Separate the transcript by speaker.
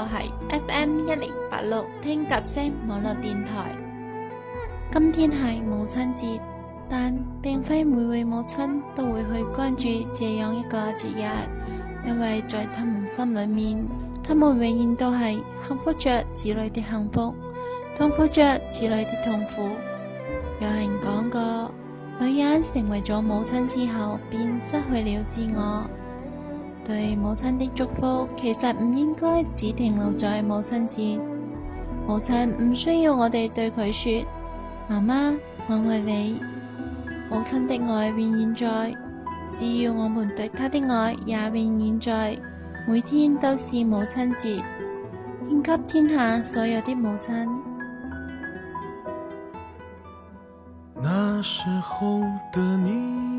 Speaker 1: 就係 FM 一零八六聽鴿聲網絡電台。今天係母親節，但並非每位母親都會去關注這樣一個節日，因為在他們心裏面，他們永遠都係幸福着子女的幸福，痛苦着子女的痛苦。有人講過，女人成為咗母親之後，便失去了自我。對母親的祝福，其實唔應該只停留在母親節。母親唔需要我哋對佢說“媽媽，我愛你”。母親的愛永遠在，只要我們對她的愛也永遠在，每天都是母親節，獻給天下所有的母親。
Speaker 2: 那時候的你，